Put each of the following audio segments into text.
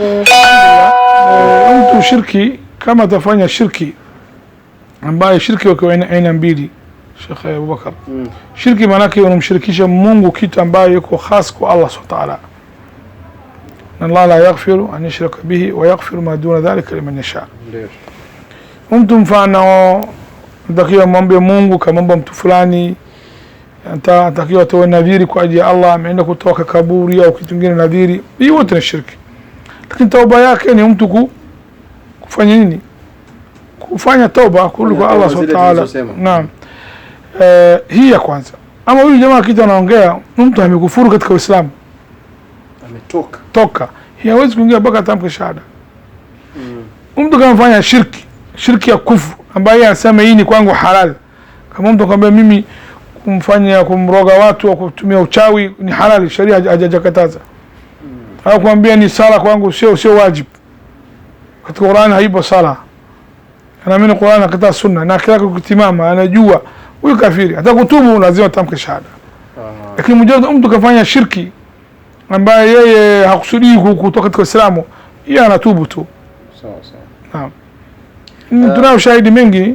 Eh, mtu shirki kama atafanya shirki ambaye shirki wako aina mbili Sheikh Abubakar mm. shirki maanake unamshirikisha Mungu kitu ambaye yuko khas kwa Allah subhanahu wa ta'ala na Allah la yaghfiru an yushraka bihi wa yaghfiru ma duna dhalika liman yasha mtu mfano natakiwa mwambie Mungu kama mambo mtu fulani anta atakiwa atoe nadhiri kwa ajili ya Allah ameenda kutoka kaburi au kitu kingine nadhiri hiyo wote ni shirki lakini tauba yake ni mtu ku, kufanya nini? Kufanya tauba kurudi kwa Allah subhanahu wa ta'ala. Naam, eh, hii ya kwanza. Ama huyu jamaa kitu anaongea mtu amekufuru katika Uislamu, ametoka toka, hii hawezi kuingia mpaka tamke shahada. Mm. Mtu fanya shirki, shirki ya kufu ambaye anasema hii ni kwangu halal, kama mtu akwambia mimi kumfanya kumroga watu au kutumia uchawi ni halali, sharia hajakataza hakuambia ni sala kwangu sio sio wajibu katika Qur'an haipo sala anaamini Qur'an akataa sunna na kila kutimama anajua huyu kafiri hata kutubu lazima tamke shahada lakini mjadala mtu kafanya shirki ambaye yeye hakusudii kutoka katika Uislamu yeye anatubu tu sawa sawa naam Uh, mm, eh. tunao shahidi mengi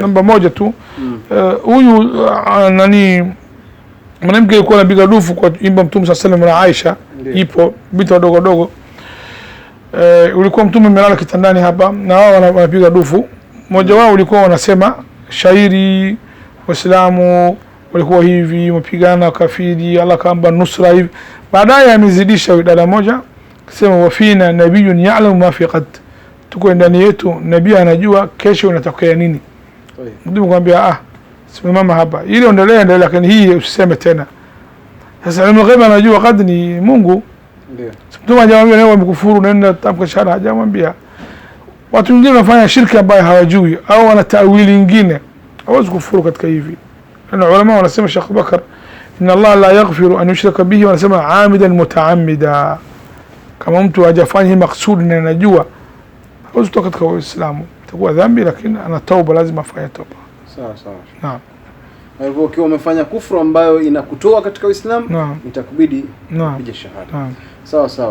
namba moja tu mm. Eh, huyu mm. Uh, uh, nani mwanamke alikuwa anapiga dufu kwa imba Mtume sallallahu alaihi wasallam na Aisha ipo mito dogo dogo. E, ulikuwa mtume melala kitandani hapa na wao wanapiga dufu. Mmoja wao ulikuwa wanasema shairi Waislamu walikuwa hivi mapigana kafiri, Allah kamba nusra hivi. Baadaye amezidisha dada moja kusema wafina nabiyun ya'lamu ma fi qad, tuko ndani yetu nabii anajua kesho inatokea nini. Mtume kwambia ah, simama hapa, ile endelea endelea, lakini hii usiseme tena. Sasa ilmu ghaibu anajua kad ni Mungu. Ndio. Mtume hajamwambia leo umekufuru nenda tamka shahada hajamwambia. Watu wengine wanafanya shirki ambayo hawajui au wana tawili nyingine. Hawezi kufuru katika hivi. Na ulama wanasema Sheikh Bakar inna Allah la yaghfiru an yushraka bihi wanasema amidan mutaammida. Kama mtu hajafanya maksudi na anajua hawezi kutoka katika Uislamu. Itakuwa dhambi lakini ana tauba lazima afanye tauba. Sawa sawa. Naam. Kwa hivyo ukiwa umefanya kufuru ambayo inakutoa katika Uislamu, itakubidi kupiga shahada. Sawa sawa.